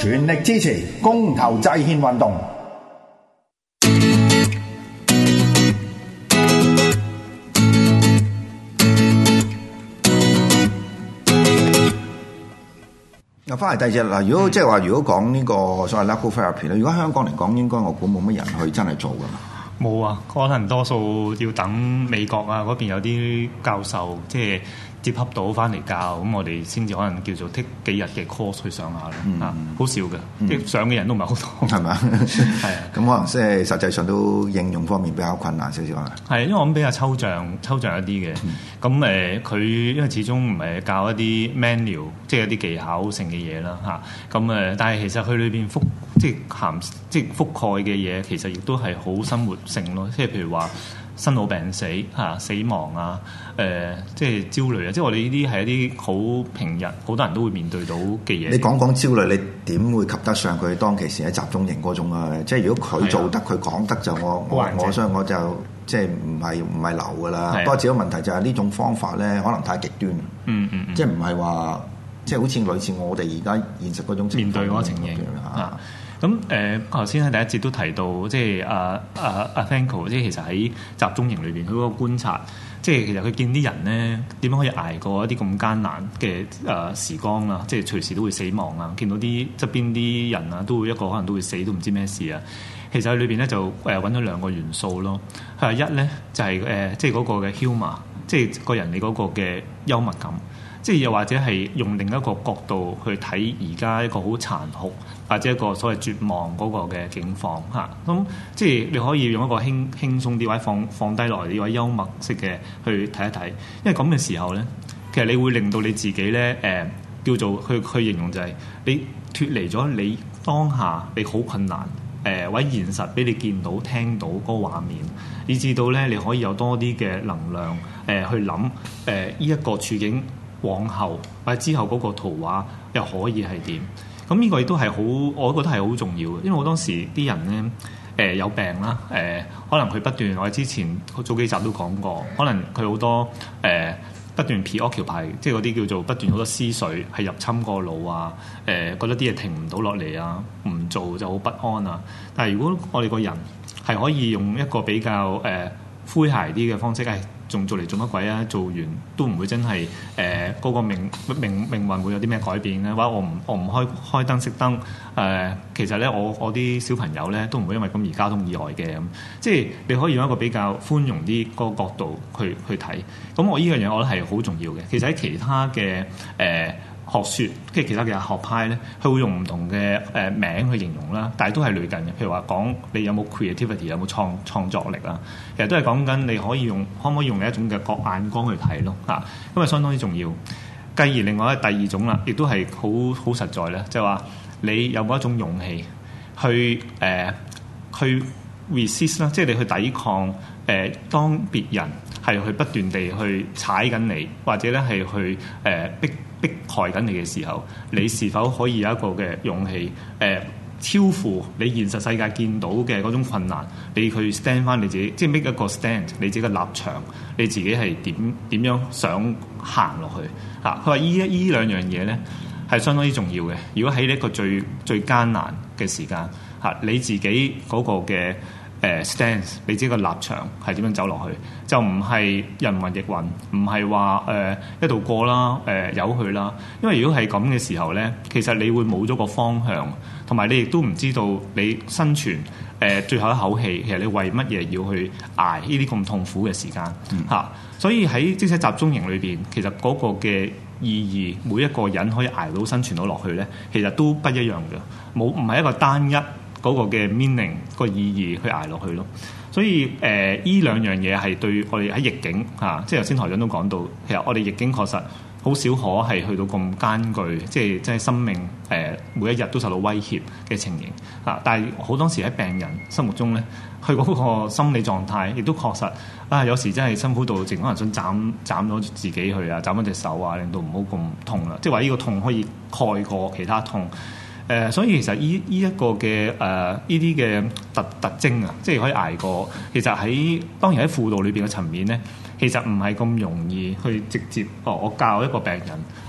全力支持公投制憲運動。又翻嚟第二隻嗱，如果即係話，如果講呢、這個所謂 local therapy 咧，如果香港嚟講，應該我估冇乜人去真係做噶嘛？冇啊，可能多數要等美國啊嗰邊有啲教授，即係。接洽到翻嚟教，咁我哋先至可能叫做剔幾日嘅 course 去上下咯，嚇、嗯啊，好少嘅，即、嗯、上嘅人都唔係好多，係咪是吧 啊？係啊，咁可能即係實際上都應用方面比較困難少少啦。係，因為我諗比較抽象，抽象一啲嘅，咁誒佢因為始終唔係教一啲 menu 即係一啲技巧性嘅嘢啦，嚇，咁誒，但係其實佢裏邊覆、就是、即係涵即係覆蓋嘅嘢，其實亦都係好生活性咯，即、就、係、是、譬如話。生老病死嚇，死亡啊，誒、呃、即係焦慮啊，即係我哋呢啲係一啲好平日好多人都會面對到嘅嘢。你講，講焦慮，你點會及得上佢當其時喺集中營嗰種啊？即係如果佢做得佢講得，就我我我相信我就即係唔係唔係流噶啦。不過、啊、只係問題就係、是、呢種方法咧，可能太極端。嗯嗯嗯即係唔係話即係好似類似我哋而家現實嗰種情形面對嗰種嘢啊。咁誒，頭先喺第一節都提到，即係阿阿阿 Frankl，即係其實喺集中營裏邊，佢嗰個觀察，即係其實佢見啲人咧，點樣可以捱過一啲咁艱難嘅誒、啊、時光啊，即係隨時都會死亡啊！見到啲側邊啲人啊，都會一個可能都會死，都唔知咩事啊！其實喺裏邊咧就誒揾咗兩個元素咯，係一咧就係、是、誒，呃就是、our, 即係嗰個嘅 humour，即係個人你嗰個嘅幽默感。即係又或者係用另一個角度去睇而家一個好殘酷或者一個所謂絕望嗰個嘅境況嚇，咁、啊、即係你可以用一個輕輕鬆啲位放或放低落嚟啲位幽默式嘅去睇一睇，因為咁嘅時候咧，其實你會令到你自己咧誒、呃、叫做去去形容就係、是、你脫離咗你當下你好困難、呃、或者現實俾你見到聽到嗰畫面，以至到咧你可以有多啲嘅能量誒、呃、去諗誒呢一個處境。往後或者之後嗰個圖畫又可以係點？咁呢個亦都係好，我覺得係好重要嘅。因為我當時啲人咧，誒、呃、有病啦，誒、呃、可能佢不斷，我之前早幾集都講過，可能佢好多誒、呃、不斷 preoccupy，即係嗰啲叫做不斷好多思緒係入侵個腦啊，誒、呃、覺得啲嘢停唔到落嚟啊，唔做就好不安啊。但係如果我哋個人係可以用一個比較誒詼諧啲嘅方式，誒、哎。仲做嚟做乜鬼啊？做完都唔會真係誒嗰個命命命運會有啲咩改變咧？或者我唔我唔開開燈熄燈誒、呃？其實咧我我啲小朋友咧都唔會因為咁而交通意外嘅咁。即係你可以用一個比較寬容啲嗰個角度去去睇。咁我呢樣嘢我覺得係好重要嘅。其實喺其他嘅誒、呃學説，即係其他嘅學派咧，佢會用唔同嘅誒名去形容啦，但係都係類近嘅。譬如話講你有冇 creativity，有冇創創作力啊？其實都係講緊你可以用，可唔可以用你一種嘅角眼光去睇咯，嚇，因為相當之重要。繼而另外第二種啦，亦都係好好實在咧，就係話你有冇一種勇氣去誒、呃、去 resist 啦，即係你去抵抗誒、呃、當別人係去不斷地去踩緊你，或者咧係去誒逼，呃迫害緊你嘅時候，你是否可以有一個嘅勇氣？誒、呃，超乎你現實世界見到嘅嗰種困難，你去 stand 翻你自己，即係 make 一個 stand，你自己嘅立場，你自己係點點樣想行落去？嚇、啊，佢話依一依兩樣嘢咧，係相當之重要嘅。如果喺呢一個最最艱難嘅時間嚇、啊，你自己嗰個嘅，誒 stance，你自己個立場係點樣走落去，就唔係人云亦云，唔係話誒一度過啦、誒、呃、有去啦。因為如果係咁嘅時候咧，其實你會冇咗個方向，同埋你亦都唔知道你生存誒、呃、最後一口氣，其實你為乜嘢要去挨呢啲咁痛苦嘅時間嚇、嗯啊？所以喺這些集中營裏邊，其實嗰個嘅意義，每一個人可以捱到生存到落去咧，其實都不一樣嘅，冇唔係一個單一。嗰個嘅 meaning 個意義去捱落去咯，所以誒呢兩樣嘢係對我哋喺逆境嚇、啊，即係頭先台長都講到，其實我哋逆境確實好少可係去到咁艱巨，即係即係生命誒、呃、每一日都受到威脅嘅情形嚇、啊。但係好多時喺病人心目中咧，佢嗰個心理狀態亦都確實啊，有時真係辛苦到，淨可能想斬斬咗自己去啊，斬咗隻手啊，令到唔好咁痛啦，即係話呢個痛可以蓋過其他痛。誒、呃，所以其實依依一個嘅誒，依啲嘅特特徵啊，即係可以捱過。其實喺當然喺輔導裏邊嘅層面咧。其實唔係咁容易去直接，哦！我教一個病人，誒、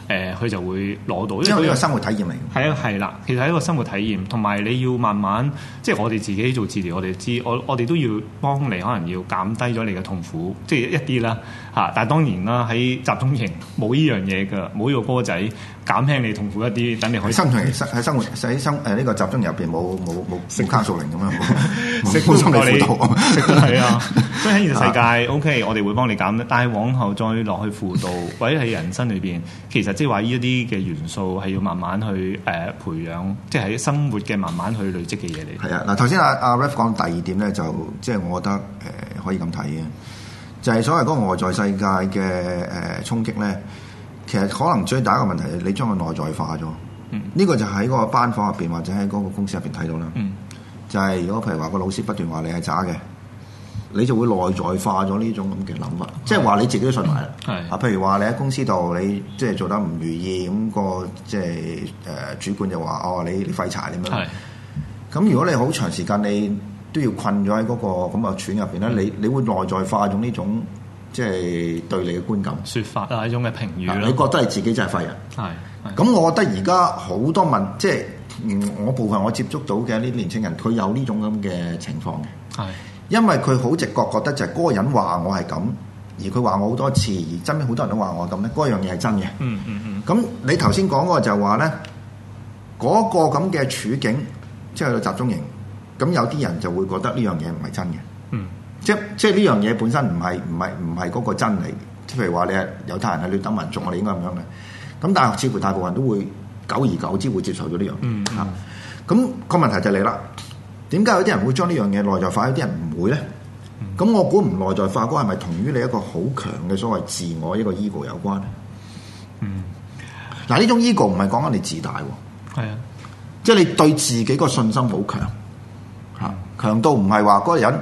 呃，佢就會攞到一，因為呢個生活體驗嚟。係啊，係啦，其實係一個生活體驗，同埋你要慢慢，即係我哋自己做治療，我哋知，我我哋都要幫你，可能要減低咗你嘅痛苦，即、就、係、是、一啲啦嚇。但係當然啦，喺集中營冇呢樣嘢㗎，冇呢個波仔，減輕你痛苦一啲，等你可以生存喺喺生活喺生誒呢、啊這個集中入邊冇冇冇卡數零咁樣，食唔食到你 啊！所以喺現實世界，OK，我哋會幫你。但係往後再落去輔導，或者喺人生裏邊，其實即係話呢一啲嘅元素係要慢慢去誒培養，即係喺生活嘅慢慢去累積嘅嘢嚟。係啊，嗱，頭先阿阿 Ralph 講第二點咧，就即係、就是、我覺得誒、呃、可以咁睇嘅，就係、是、所謂嗰個外在世界嘅誒、呃、衝擊咧，其實可能最大一個問題係你將佢內在化咗。呢、嗯、個就喺嗰個班房入邊或者喺嗰個公司入邊睇到啦。嗯、就係如果譬如話個老師不斷話你係渣嘅。你就會內在化咗呢種咁嘅諗法，即係話你自己都信埋啦。係啊，譬如話你喺公司度你即係做得唔如意，咁個即係誒主管就話：哦，你廢柴點樣？係咁，如果你好長時間你都要困咗喺嗰個咁啊處入邊咧，你你會內在化咗呢種即係對你嘅觀感、説法啊，一種嘅評語啦。你覺得係自己真係廢人？係。咁我覺得而家好多問，即係我部分我接觸到嘅呢啲年青人，佢有呢種咁嘅情況嘅。係。因為佢好直覺覺得就係嗰個人話我係咁，而佢話我好多次，而真係好多人都話我咁咧，嗰樣嘢係真嘅、嗯。嗯嗯嗯。咁你頭先講嗰個就話咧，嗰個咁嘅處境即係集中營，咁有啲人就會覺得呢樣嘢唔係真嘅。嗯。即即呢樣嘢本身唔係唔係唔係嗰個真理，即譬如話你係猶太人係劣等民族，我哋應該咁樣嘅。咁但係似乎大部分人都會久而久之會接受咗呢樣。嗯。嚇、嗯。咁、嗰個問題就你啦。點解有啲人會將呢樣嘢內在化？有啲人唔會咧。咁、嗯、我估唔內在化，嗰係咪同於你一個好強嘅所謂自我一個 ego 有關？嗯。嗱，呢種 ego 唔係講緊你自大，係啊、嗯，即係你對自己個信心好強，吓強、嗯、到唔係話嗰個人，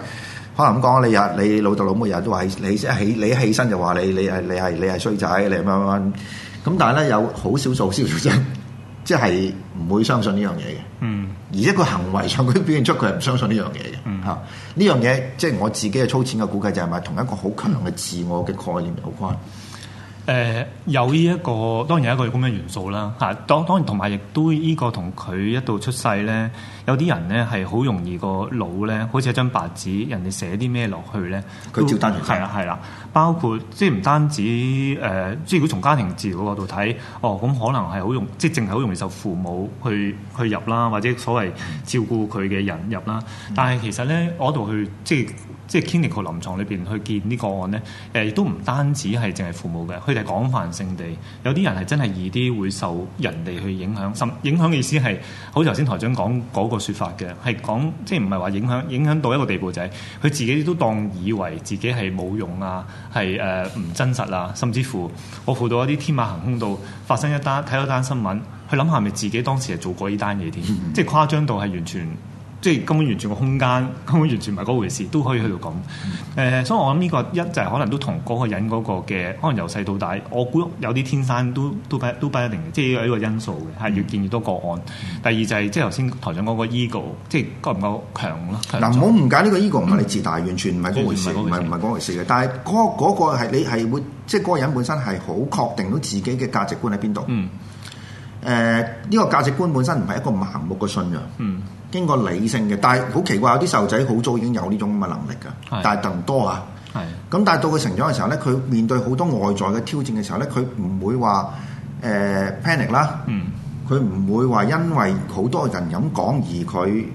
可能咁講，你日你老豆老母日日都話你一起你一起你起身就話你你係你係你係衰仔，你乜乜乜咁，但係咧有好少數少少人，即係唔會相信呢樣嘢嘅。嗯。而一個行為上，佢表現出佢係唔相信呢、嗯、樣嘢嘅嚇。呢樣嘢即係我自己嘅粗淺嘅估計，就係咪同一個好強嘅自我嘅概念有關？誒、呃、有呢、這個、一個、啊、當然係一個咁嘅元素啦嚇，當當然同埋亦都依、這個同佢一度出世咧，有啲人咧係好容易個腦咧，好似一張白紙，人哋寫啲咩落去咧，佢照單全收。係啦係啦，包括即係唔單止誒、呃，即係如果從家庭治療嘅角度睇，哦咁可能係好容，即係淨係好容易受父母去去入啦，或者所謂照顧佢嘅人入啦。嗯、但係其實咧，我度去即係即係 clinical 臨牀裏邊去見呢個案咧，誒、呃、亦都唔單止係淨係父母嘅，係廣泛性地，有啲人係真係易啲會受人哋去影響。甚影響嘅意思係，好似頭先台長講嗰、那個説法嘅，係講即係唔係話影響影響到一個地步就係、是、佢自己都當以為自己係冇用啊，係誒唔真實啊，甚至乎我輔導一啲天馬行空度發生一單睇一單新聞，去諗下咪自己當時係做過呢單嘢添，即係誇張到係完全。即係根本完全個空間，根本完全唔係嗰回事，都可以去到咁。誒、呃，所以我諗呢、這個一就係、是、可能都同嗰個人嗰個嘅，可能由細到大，我估有啲天生都都不都不一定即係有呢個因素嘅，係越見越多個案。嗯、第二就係、是、即係頭先台長講個 ego，即係夠唔夠強咯？嗱，唔好誤解呢個 ego 唔係你自大，嗯、完全唔係嗰回事，唔係唔係嗰回事嘅。但係嗰嗰個係、那個、你係會，即係嗰個人本身係好確定到自己嘅價值觀喺邊度。誒、嗯呃，呢、這個價值觀本，本身唔係一個盲目嘅信仰。嗯經過理性嘅，但係好奇怪有啲細路仔好早已經有呢種咁嘅能力㗎，是的 但係特唔多啊。咁是的 但係到佢成長嘅時候咧，佢面對好多外在嘅挑戰嘅時候咧，佢唔會話誒 panic 啦，嗯，佢唔會話因為好多人咁講而佢，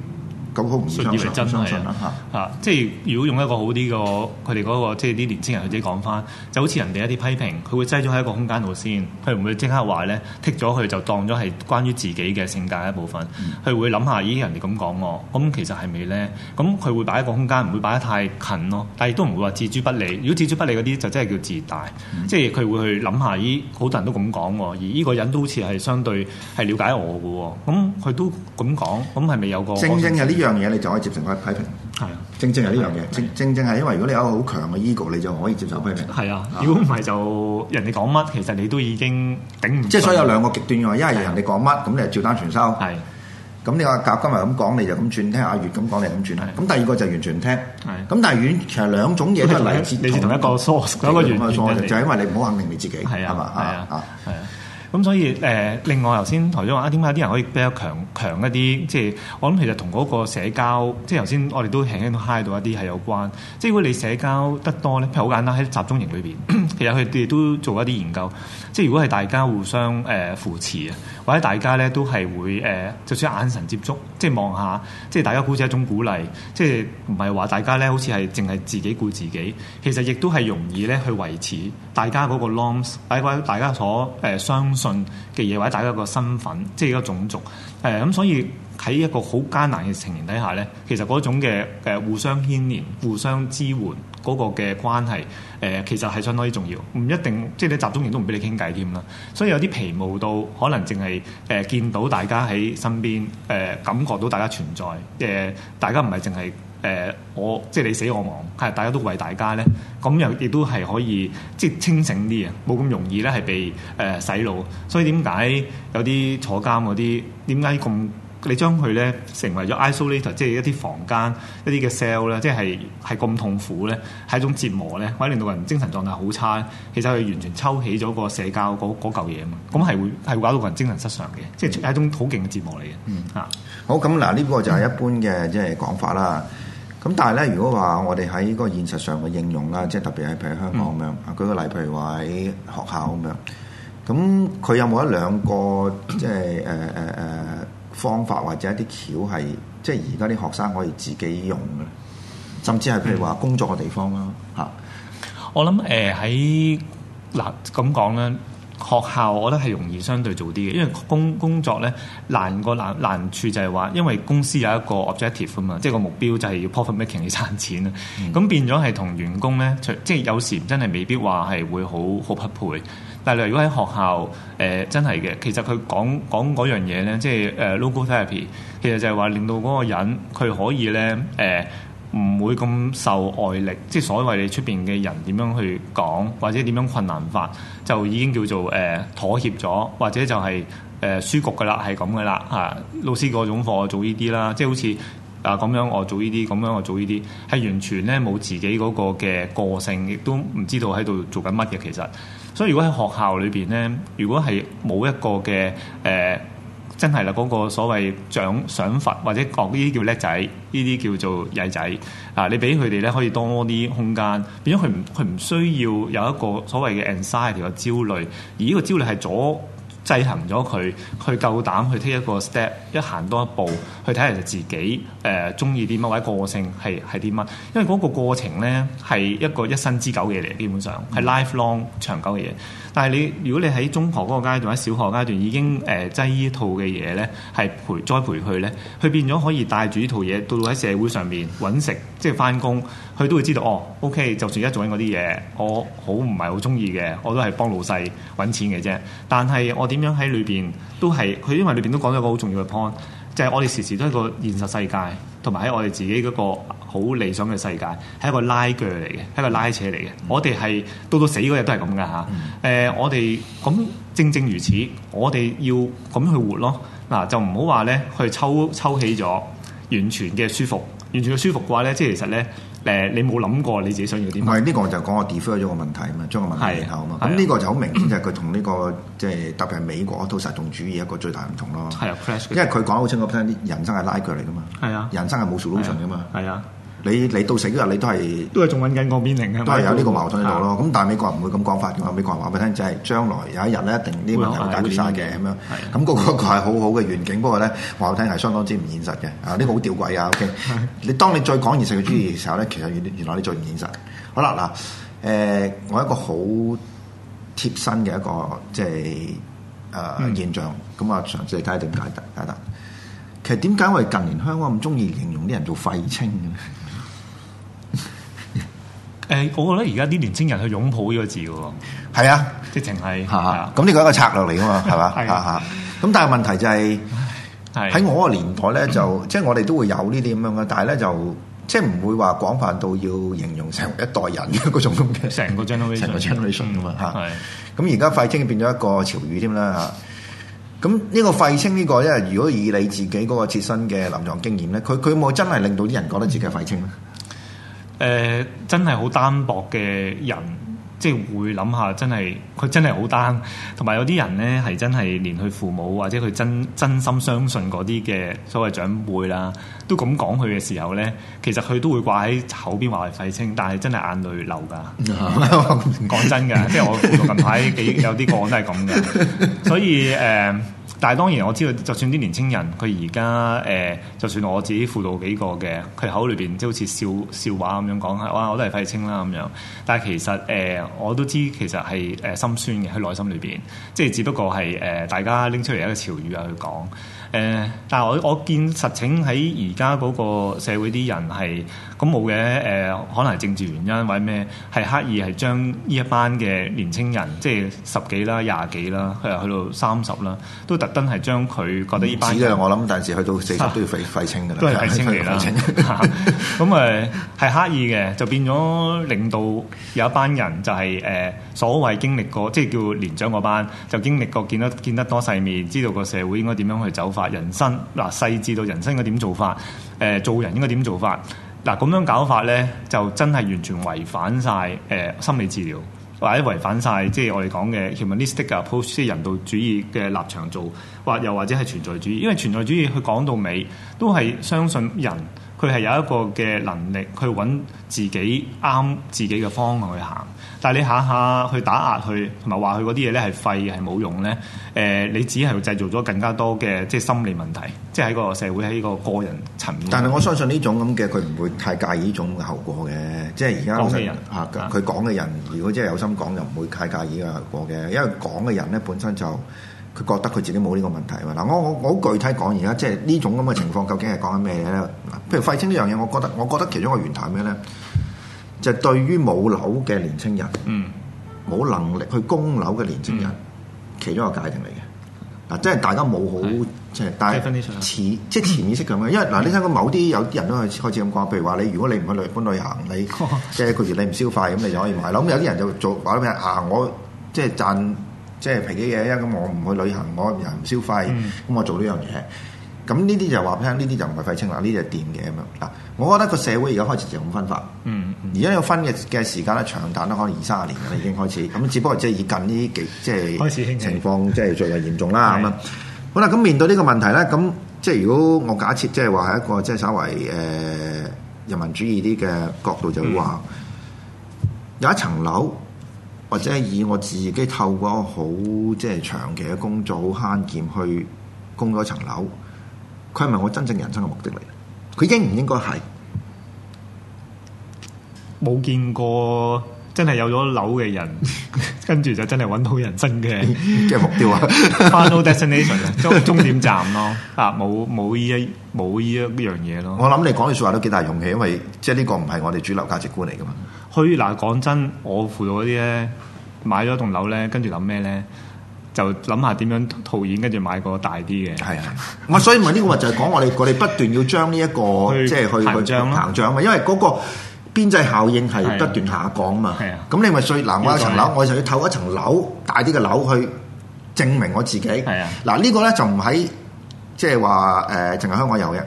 信以為真係啊！啊，即係如果用一個好啲、嗰個，佢哋嗰個即係啲年青人自己，佢哋講翻就好似人哋一啲批評，佢會擠咗喺一個空間度先，佢唔會即刻話咧剔咗佢就當咗係關於自己嘅性格一部分，佢、嗯、會諗下咦人哋咁講我，咁其實係咪咧？咁佢會擺一個空間，唔會擺得太近咯。但係都唔會話置諸不理。如果置諸不理嗰啲，就真係叫自大，嗯、即係佢會去諗下咦好多人都咁講喎，而呢個人都好似係相對係了解我嘅喎。咁佢都咁講，咁係咪有個？正正樣嘢你就可以接受批批評，係啊，正正係呢樣嘢，正正正係因為如果你有一個好強嘅 ego，你就可以接受批評。係啊，如果唔係就人哋講乜，其實你都已經頂唔順。即係所以有兩個極端嘅話，一係人哋講乜，咁你就照單全收。係。咁你話甲今日咁講，你就咁轉聽阿月咁講，你咁轉啦。咁第二個就完全唔聽。係。咁但係其實兩種嘢都係嚟自同一個 source，同一個源嘅 source，就因為你唔好肯定你自己係啊，係啊。咁所以誒、呃、另外頭先台長話啊，點解啲人可以比較強強一啲？即係我諗其實同個社交，即係頭先我哋都輕輕 high 到一啲係有關，即係如果你社交得多咧，譬如好簡單喺集中營裏邊， 其實佢哋都做一啲研究。即係如果係大家互相誒、呃、扶持啊，或者大家咧都係會誒、呃、就算眼神接觸，即係望下，即係大家好似一種鼓勵，即係唔係話大家咧好似係淨係自己顧自己，其實亦都係容易咧去維持大家個 norm 或大家所誒相信嘅嘢或者大家個身份即係一個種族，誒、呃、咁所以喺一個好艱難嘅情形底下咧，其實嗰種嘅誒、呃、互相牽連、互相支援嗰個嘅關係，誒、呃、其實係相當之重要，唔一定即係你集中營都唔俾你傾偈添啦。所以有啲皮毛到可能淨係誒見到大家喺身邊，誒、呃、感覺到大家存在，誒、呃、大家唔係淨係，誒、呃、我即係你死我亡，係大家都為大家咧，咁又亦都係可以即係清醒啲嘅，冇咁容易咧係被誒、呃、洗腦。所以點解有啲坐監嗰啲點解咁？你將佢咧成為咗 isolator，即係一啲房間一啲嘅 cell 咧，即係係咁痛苦咧，係一種折磨咧，或者令到人精神狀態好差。其實佢完全抽起咗個社交嗰嗰嚿嘢嘛，咁、那、係、個、會係會搞到人精神失常嘅，嗯、即係係一種好勁嘅折磨嚟嘅。嗯，好，咁嗱，呢個就係一般嘅即係講法啦。嗯嗯咁但係咧，如果話我哋喺嗰個現實上嘅應用啦，即係特別係譬如香港咁樣，舉個、嗯、例，譬如話喺學校咁樣，咁佢、嗯、有冇一兩個即係誒誒誒方法或者一啲橋係，即係而家啲學生可以自己用嘅，甚至係譬如話工作嘅地方啦，嚇、嗯是。我諗誒喺嗱咁講咧。呃學校我覺得係容易相對做啲嘅，因為工工作咧難過難難處就係話，因為公司有一個 objective 啊嘛，即係個目標就係要 profit making 去賺錢啦。咁、嗯、變咗係同員工咧，即、就、係、是、有時真係未必話係會好好匹配。但係如果喺學校誒、呃、真係嘅，其實佢講講嗰樣嘢咧，即、就、係、是、誒、呃、logo therapy，其實就係話令到嗰個人佢可以咧誒。呃唔會咁受外力，即係所謂你出邊嘅人點樣去講，或者點樣困難法，就已經叫做誒、呃、妥協咗，或者就係誒輸局噶啦，係咁噶啦嚇。老、啊、師嗰種課我做呢啲啦，即係好似啊咁樣，我做呢啲，咁樣我做呢啲，係完全咧冇自己嗰個嘅個性，亦都唔知道喺度做緊乜嘢。其實。所以如果喺學校裏邊咧，如果係冇一個嘅誒。呃真係啦，嗰、那個所謂想想法或者講呢啲叫叻仔，呢、哦、啲叫做曳仔啊！你俾佢哋咧，可以多啲空間，變咗佢唔佢唔需要有一個所謂嘅 anxiety 嘅焦慮，而呢個焦慮係阻，制衡咗佢，佢夠膽去 take 一個 step，一行多一步，去睇下佢自己誒中意啲乜，或者個性係係啲乜。因為個過程咧係一個一生之久嘅嘢，基本上係 lifelong 長久嘅嘢。但係你如果你喺中學個階段或小學階段已經誒擠呢套嘅嘢咧，係陪栽培佢咧，佢變咗可以帶住呢套嘢到喺社會上面揾食，即係翻工，佢都會知道哦，OK，就算而家做緊啲嘢，我好唔係好中意嘅，我都係幫老細揾錢嘅啫。但係我哋點樣喺裏邊都係佢，因為裏邊都講咗一個好重要嘅 point，就係我哋時時都係個現實世界，同埋喺我哋自己嗰個好理想嘅世界，係一個拉鋸嚟嘅，係一個拉扯嚟嘅。我哋係到到死嗰日都係咁噶嚇。誒，我哋咁正正如此，我哋要咁樣去活咯。嗱，就唔好話咧去抽抽起咗，完全嘅舒服，完全嘅舒服嘅話咧，即係其實咧。誒，你冇諗過你自己想要啲咩？呢、呢個就講我 defer 咗個問題啊嘛，將個問題延後啊嘛。咁呢的個就好明顯就係佢同呢個即係、就是、特別係美國都套實用主義一個最大唔同咯。係啊的，因為佢講得好清楚，啲人生係拉佢嚟㗎嘛。係啊的，人生係冇 solution 㗎的嘛。係啊。你你到死嗰日你都係都係仲揾緊鋼鞭零都係有呢個矛盾喺度咯。咁但係美國人唔會咁講法嘅，美國人話俾你聽就係將來有一日咧，一定呢個問題會解決曬嘅咁樣。咁嗰的個係好好嘅願景，不過咧話我聽係相當之唔現實嘅。嗯、啊，呢、這個好吊詭啊！OK，的你當你再講現實嘅主義嘅時候咧，嗯、其實原來原來你最唔現實。好啦嗱，誒、呃，我一個好貼身嘅一個即係誒、呃嗯、現象，咁我嘗試睇下點解答解答。其實點解我哋近年香港咁中意形容啲人做廢青嘅我覺得而家啲年青人去擁抱呢個字喎，係啊，直情係，咁呢個一個策略嚟噶嘛，係嘛，咁但係問題就係喺我個年代咧，就即係我哋都會有呢啲咁樣嘅，但係咧就即係唔會話廣泛到要形容成一代人嗰種咁嘅，成個 generation，成個 generation 噶嘛嚇。咁而家廢青變咗一個潮語添啦。咁呢個廢青呢個，因為如果以你自己嗰個切身嘅臨床經驗咧，佢佢有冇真係令到啲人覺得自己係廢青咧？誒、呃、真係好單薄嘅人，即係會諗下真，真係佢真係好單。同埋有啲人呢，係真係連佢父母或者佢真真心相信嗰啲嘅所謂長輩啦，都咁講佢嘅時候呢，其實佢都會掛喺口邊話係廢青，但係真係眼淚流噶。講、 嗯、真嘅， 即係我近排 幾有啲個都係咁嘅，所以誒。呃但係當然我知道，就算啲年青人佢而家誒，就算我自己輔導幾個嘅，佢口裏邊即係好似笑笑話咁樣講係哇，我都係廢青啦咁樣。但係其實誒、呃，我都知其實係誒、呃、心酸嘅喺內心裏邊，即係只不過係誒、呃、大家拎出嚟一個潮語啊去講。誒，但係我我見實情喺而家個社會啲人係咁冇嘅，誒、呃、可能係政治原因或者咩，係刻意係將呢一班嘅年青人，即係十幾啦、廿幾啦，係去到三十啦，都特登係將佢覺得呢班，始終我諗，但是去到四十都要廢廢青噶啦，都係、啊、廢青嚟啦。咁誒係刻意嘅，就變咗令到有一班人就係、是、誒、呃、所謂經歷過即係叫年長班，就經歷過見得見得多世面，知道個社會應該點樣去走法。人生嗱，細緻到人生應該點做法？誒、呃，做人應該點做法？嗱，咁樣搞法咧，就真係完全違反晒誒、呃、心理治療，或者違反晒即係我哋講嘅 humanistic approach，即係人道主義嘅立場做，或又或者係存在主義，因為存在主義佢講到尾都係相信人佢係有一個嘅能力去揾自己啱自己嘅方向去行。但係你下下去打壓佢，同埋話佢嗰啲嘢咧係廢係冇用咧，誒、呃、你只係製造咗更加多嘅即係心理問題，即係喺個社會喺個個人層面。但係我相信呢種咁嘅佢唔會太介意呢種嘅後果嘅，即係而家人嚇噶，佢講嘅人如果真係有心講，就唔會太介意個後果嘅，因為講嘅人咧本身就佢覺得佢自己冇呢個問題啊嘛。嗱，我我好具體講而家，即係呢種咁嘅情況究竟係講緊咩咧？譬如廢青呢樣嘢，我覺得我覺得其中個源頭係咩咧？就對於冇樓嘅年青人，冇、嗯、能力去供樓嘅年青人，嗯、其中一個界定嚟嘅嗱，即係大家冇好即係，但係似、嗯、即係潛意識咁樣，因為嗱，你睇下某啲有啲人都係開始咁講，譬如話你如果你唔去旅，唔去旅行，嗯、你即係譬如你唔消費咁，你就可以買樓。咁、嗯、有啲人就做話咩啊？我即係賺即係平嘅嘢，因為咁我唔去旅行，我又唔消費，咁我做呢樣嘢。嗯咁呢啲就話畀聽，呢啲就唔係廢青啦，呢啲係掂嘅咁樣。嗱，我覺得個社會而家開始就咁分法，嗯，而家有分嘅嘅時間咧長短都可能二三十年啦，已經開始。咁只不過即係以近呢幾即係開始傾情況即係最為嚴重啦咁樣。好啦，咁面對呢個問題咧，咁即係如果我假設即係話係一個即係稍微誒人民主義啲嘅角度就會話，有一層樓或者係以我自己透過好即係長期嘅工作好慳儉去供咗層樓。佢係咪我真正人生嘅目的嚟？佢應唔應該係？冇見過真係有咗樓嘅人， 跟住就真係揾到人生嘅即 目標啊 ！Final destination， 終終點站咯。啊， 冇冇依一冇依一呢樣嘢咯。 我諗你講呢句說話都幾大勇氣，因為即係呢個唔係我哋主流價值觀嚟噶嘛。去嗱講真，我輔導嗰啲咧，買咗棟樓咧，跟住諗咩咧？就諗下點樣套現，跟住買個大啲嘅。係啊，我所以問呢個話就係講我哋，我哋不斷要將呢一個即係去膨脹咯，膨脹啊嘛。因為嗰個邊際效應係不斷下降啊嘛。係啊，咁你咪所以嗱，我有層樓，我就要透一層樓大啲嘅樓去證明我自己。係啊，嗱呢個咧就唔喺即係話誒，淨係香港有嘅，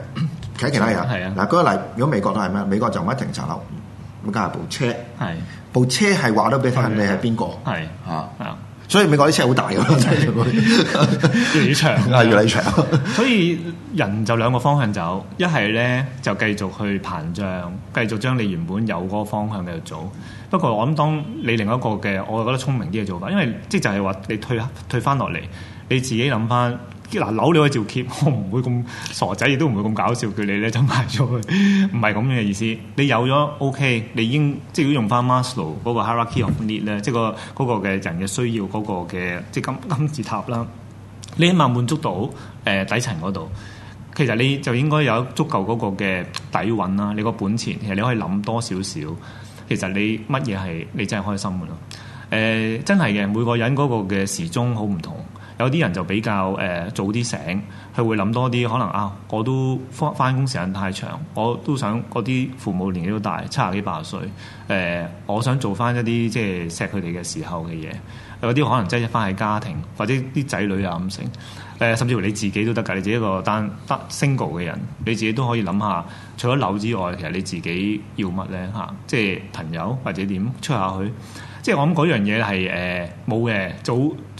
其喺其他人啊。係啊，嗱舉個例，如果美國都係咩？美國就唔一定層樓，咁加部車。係，部車係話都俾曬你係邊個？係啊，係啊。所以美國啲車好大㗎、啊， 越嚟越長啊，越嚟越長。所以人就兩個方向走，一係咧就繼續去膨脹，繼續將你原本有嗰個方向繼續做。不過我諗當你另一個嘅，我覺得聰明啲嘅做法，因為即就係話你退退翻落嚟，你自己諗翻。嗱樓你可以照 keep，我唔會咁傻仔，亦都唔會咁搞笑，叫你咧就賣咗佢，唔係咁嘅意思。你有咗 O K，你已經即係用翻 Maslow 嗰個 Hierarchy of Need 咧、 那個，即係個嗰個嘅人嘅需要嗰個嘅即係金金字塔啦。你起碼滿足到誒、呃、底層嗰度，其實你就應該有足夠嗰個嘅底蘊啦。你個本錢其實你可以諗多少少。其實你乜嘢係你真係開心嘅咯？誒、呃，真係嘅，每個人嗰個嘅時鐘好唔同。有啲人就比較誒早啲醒，佢會諗多啲，可能啊，我都翻翻工時間太長，我都想嗰啲父母年紀都大，七十幾八十歲，誒、呃，我想做翻一啲即係錫佢哋嘅時候嘅嘢。有啲可能即係翻喺家庭，或者啲仔女啊咁成。誒、呃，甚至乎你自己都得㗎，你自己一個單單 single 嘅人，你自己都可以諗下，除咗樓之外，其實你自己要乜咧嚇？即係朋友或者點出下去，去。即係我諗嗰樣嘢係誒冇嘅，早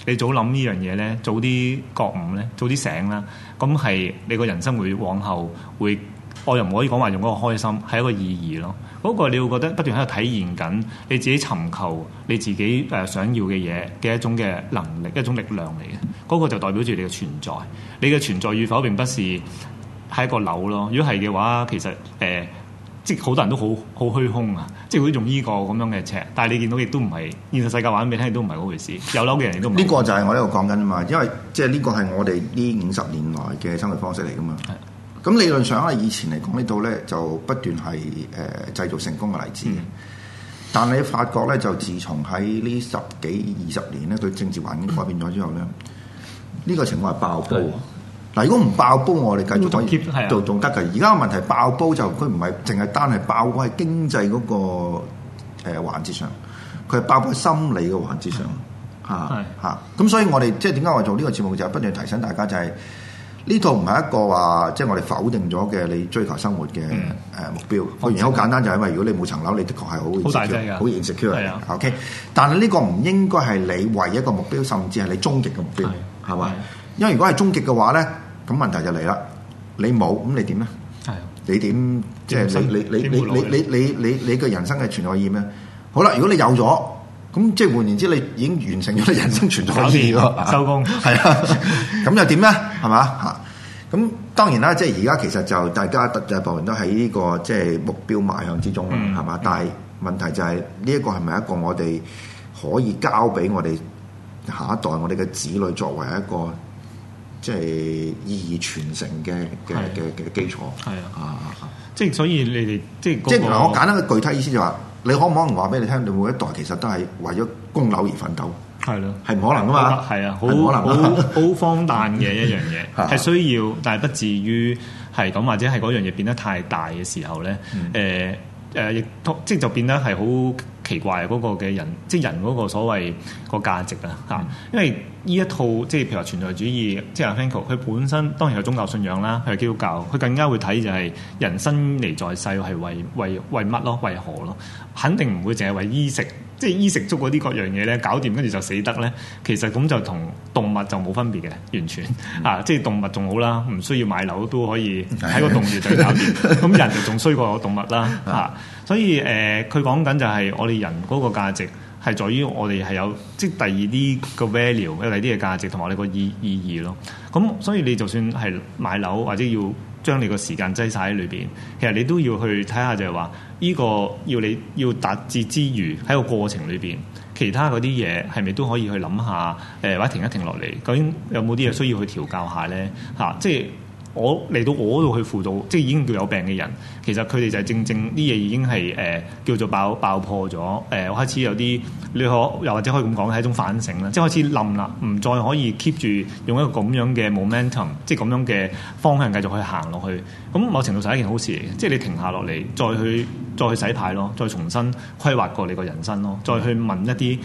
你早諗呢樣嘢咧，早啲覺悟咧，早啲醒啦。咁係你個人生會往後會，我又唔可以講話用嗰個開心，係一個意義咯。嗰、那個你要覺得不斷喺度體驗緊，你自己尋求你自己誒想要嘅嘢嘅一種嘅能力，一種力量嚟嘅。嗰、那個就代表住你嘅存在，你嘅存在與否並不是係一個樓咯。如果係嘅話，其實誒。呃即係好多人都好好虛空啊！即係會用呢個咁樣嘅尺，但係你見到亦都唔係現實世界玩俾你聽都唔係嗰回事。有樓嘅人亦都唔，呢個就係我呢度講緊啊嘛，因為即係呢個係我哋呢五十年來嘅生活方式嚟噶嘛。咁的理論上啊，以前嚟講呢度咧就不斷係誒、呃、製造成功嘅例子，嗯、但係你發覺咧就自從喺呢十幾二十年咧，佢政治環境改變咗之後咧，呢、嗯、個情況係爆破。嗱，如果唔爆煲，我哋繼續可以 e e 做仲得㗎。而家嘅問題爆煲就佢唔係淨係單係爆，喺經濟嗰個誒環節上，佢係爆喺心理嘅環節上。嚇嚇，咁所以我哋即係點解話做呢個節目就係不斷提醒大家，就係呢套唔係一個話即係我哋否定咗嘅你追求生活嘅誒目標。個原因好簡單，就係因為如果你冇層樓，你的確係好好大劑嘅，好現實嘅。O K，但係呢個唔應該係你唯一一個目標，甚至係你終極嘅目標，係嘛？因為如果係終極嘅話咧。咁問題就嚟啦，你冇咁你點咧？係的你點即係你你你你你你你你你個人生嘅你存在意義咩？好啦，如果你有咗，咁即係換言之，你已經完成咗你人生存在意義咯。 收工係啦，咁又點咧？係嘛嚇？咁當然啦，即係而家其實就大家特製部門都喺呢個即係目標邁向之中啦，係嘛、嗯？但係問題就係呢一個係咪一個我哋可以交俾我哋下一代我哋嘅子女作為一個即係意義傳承嘅嘅嘅嘅基礎。係啊，啊即係所以你哋即係、那個、即係原來我簡單嘅具體意思就話、是，你可唔可能話俾你聽？你每一代其實都係為咗供樓而奮鬥。係咯的，係唔可能啊嘛？係啊，好可能好荒誕嘅一樣嘢，係 需要，但係不至於係咁，或者係嗰樣嘢變得太大嘅時候咧。誒誒、嗯，亦、嗯呃、即係就變得係好。奇怪嘅嗰、那個嘅人，即係人嗰個所謂個價值啦嚇，嗯、因為呢一套即係譬如話存在主義，即係 Franko，佢本身當然有宗教信仰啦，佢係基督教，佢更加會睇就係人生嚟在世係為為為乜咯，為何咯？肯定唔會淨係為衣食，即係衣食足嗰啲各樣嘢咧搞掂，跟住就死得咧。其實咁就同動物就冇分別嘅，完全嚇、啊，即係動物仲好啦，唔需要買樓都可以喺個動物就搞掂。咁、嗯、 人就仲衰過動物啦嚇。啊啊所以誒，佢講緊就係我哋人嗰個價值係在於我哋係有即係第二啲個 value，第二啲嘅價值同埋我哋個意意義咯。咁所以你就算係買樓或者要將你個時間擠晒喺裏邊，其實你都要去睇下就係話，呢個要你要達至之餘喺個過程裏邊，其他嗰啲嘢係咪都可以去諗下？誒或者停一停落嚟，究竟有冇啲嘢需要去調教下咧？嚇，即係。我嚟到我度去輔導，即係已經叫有病嘅人。其實佢哋就係正正啲嘢已經係誒、呃、叫做爆爆破咗誒，呃、我開始有啲你可又或者可以咁講係一種反省啦，即係開始冧啦，唔再可以 keep 住用一個咁樣嘅 momentum，即係咁樣嘅方向繼續去行落去。咁某程度上係一件好事嚟嘅，即係你停下落嚟，再去再去洗牌咯，再重新規劃過你個人生咯，再去問一啲。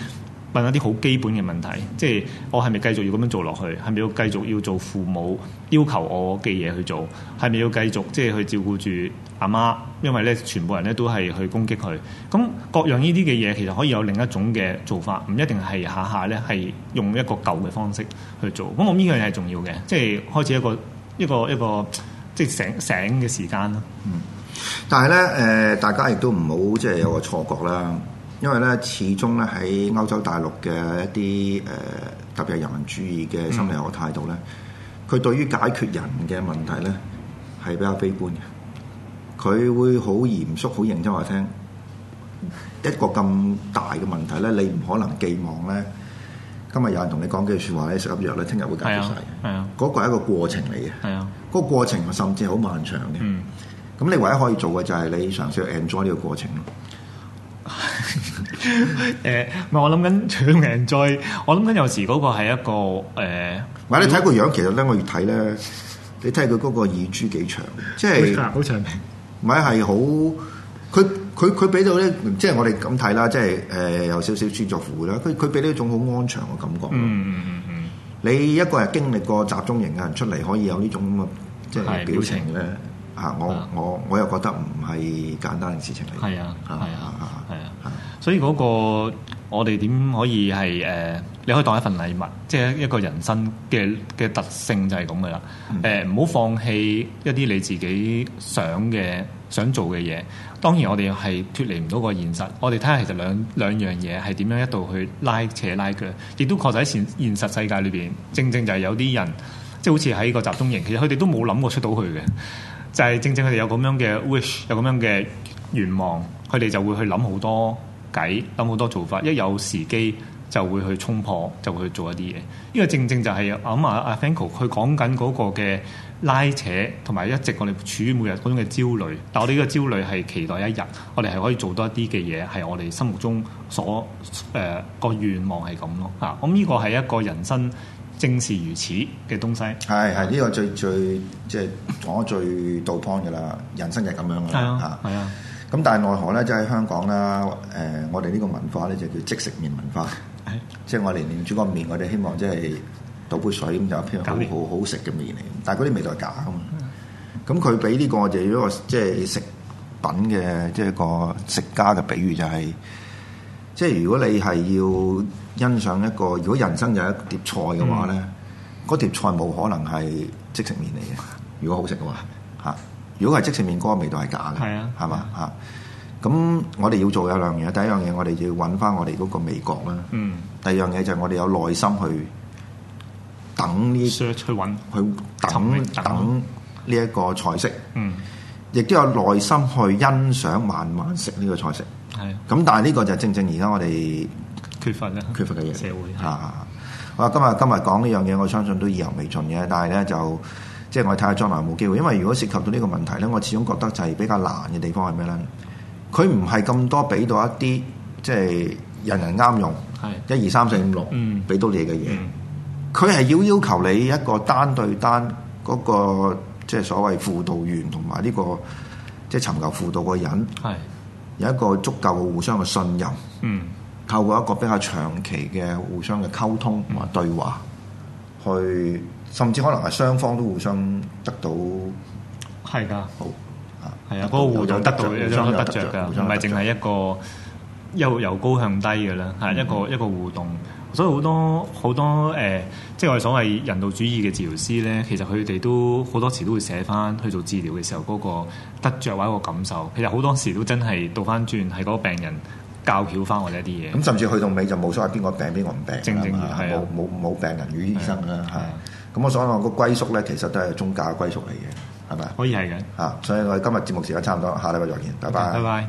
問一啲好基本嘅問題，即係我係咪繼續要咁樣做落去？係咪要繼續要做父母要求我嘅嘢去做？係咪要繼續即係去照顧住阿媽？因為咧，全部人咧都係去攻擊佢。咁各樣呢啲嘅嘢，其實可以有另一種嘅做法，唔一定係下下咧係用一個舊嘅方式去做。咁我呢樣嘢係重要嘅，即係開始一個一個一個即係醒醒嘅時間咯。嗯，但係咧誒，大家亦都唔好即係有個錯覺啦。因為咧，始終咧喺歐洲大陸嘅一啲誒、呃，特別係人民主義嘅心理學態度咧，佢、嗯、對於解決人嘅問題咧，係比較悲觀嘅。佢會好嚴肅、好認真話聽，一個咁大嘅問題咧，你唔可能寄望咧，今日有人同你講句説話咧，食粒藥咧，聽日會解決晒嘅。係啊，嗰個係一個過程嚟嘅。係啊，個過程甚至好漫長嘅。嗯，咁你唯一可以做嘅就係你嘗試去 enjoy 呢個過程咯。誒，唔係、 呃、我諗緊長命。在，我諗緊有時嗰個係一個誒、唔、呃、係你睇佢樣，其實咧我越睇咧，你睇下佢嗰個耳珠幾長，即係好長命，係咪？唔係係好，佢佢佢俾到咧，即係我哋咁睇啦，即係誒、呃、有少少穿鑿附會啦。佢佢俾到一種好安詳嘅感覺。嗯嗯嗯嗯，嗯嗯你一個人經歷過集中營嘅人出嚟，可以有呢種咁嘅即係表情咧。嚇！我我我又覺得唔係簡單嘅事情嚟。係啊，係啊，係啊，啊啊啊所以嗰、那個我哋點可以係誒、呃？你可以當一份禮物，即、就、係、是、一個人生嘅嘅特性就係咁噶啦。誒、嗯，唔好、呃、放棄一啲你自己想嘅想做嘅嘢。當然，我哋係脫離唔到個現實。我哋睇下，其實兩兩樣嘢係點樣一度去拉扯拉鋸，亦都確實喺現現實世界裏邊，正正就係有啲人即係、就是、好似喺個集中營，其實佢哋都冇諗過出到去嘅。就係正正佢哋有咁樣嘅 wish，有咁樣嘅願望，佢哋就會去諗好多計，諗好多做法。一有時機就會去衝破，就會去做一啲嘢。呢個正正就係我諗啊，阿、啊、Fanko 佢講緊嗰個嘅拉扯，同埋一直我哋處於每日嗰種嘅焦慮。但我哋呢個焦慮係期待一日，我哋係可以做多一啲嘅嘢，係我哋心目中所誒、呃、個願望係咁咯。嚇、嗯，咁呢個係一個人生。正是如此嘅東西，係係呢個最最即係講最到 point 嘅啦，人生就係咁樣啦，嚇啊！咁、啊、但係奈何咧，即係香港啦。誒、呃，我哋呢個文化咧就叫即食麵文化，的即係我哋連煮個麵，我哋希望即係倒杯水咁就一片好好食嘅麵嚟，但係嗰啲味道係假嘅嘛。咁佢俾呢個就一個即係食品嘅即係個食家嘅比喻就係、是，即係如果你係要。欣賞一個，如果人生就係一碟菜嘅話咧，嗰碟菜冇可能係即食麵嚟嘅。如果好食嘅話，嚇！如果係即食麵嗰個味道係假嘅，係啊，係嘛嚇？咁我哋要做有兩樣嘢，第一樣嘢我哋要揾翻我哋嗰個味覺啦，嗯。第二樣嘢就係我哋有耐心去等呢，去揾去等等呢一個菜式，嗯。亦都有耐心去欣賞，慢慢食呢個菜式，係。咁但係呢個就正正而家我哋。缺乏咧，缺乏嘅嘢，社會啊！今日今日講呢樣嘢，我相信都意猶未盡嘅。但係咧，就即係我睇下將來有冇機會。因為如果涉及到呢個問題咧，我始終覺得就係比較難嘅地方係咩咧？佢唔係咁多俾到一啲即係人人啱用，係一二三四五六，嗯，俾到你嘅嘢。佢係、嗯、要要求你一個單對單嗰、那個即係、就是、所謂輔導員同埋呢個即係、就是、尋求輔導嘅人，係是有一個足夠互相嘅信任，嗯。透過一個比較長期嘅互相嘅溝通同埋對話去，去甚至可能係雙方都互相得到係㗎，的好啊，係啊的，嗰個互動得到但有得著㗎，唔係淨係一個由由高向低嘅啦，係、嗯嗯、一個一個互動。所以好多好多誒，即係、呃就是、我哋所謂人道主義嘅治療師咧，其實佢哋都好多時都會寫翻去做治療嘅時候嗰個得着或者個感受。其實好多時都真係倒翻轉係嗰個病人。教曉翻我哋一啲嘢，咁、嗯、甚至去到尾就冇所謂邊個病邊個唔病，病正正係嘛？冇冇冇病人與醫生啦，係。咁我所講、嗰個歸宿咧，其實都係宗教嘅歸宿嚟嘅，係咪？可以係嘅。嚇、啊，所以我哋今日節目時間差唔多，下禮拜再見，okay，拜拜。拜拜。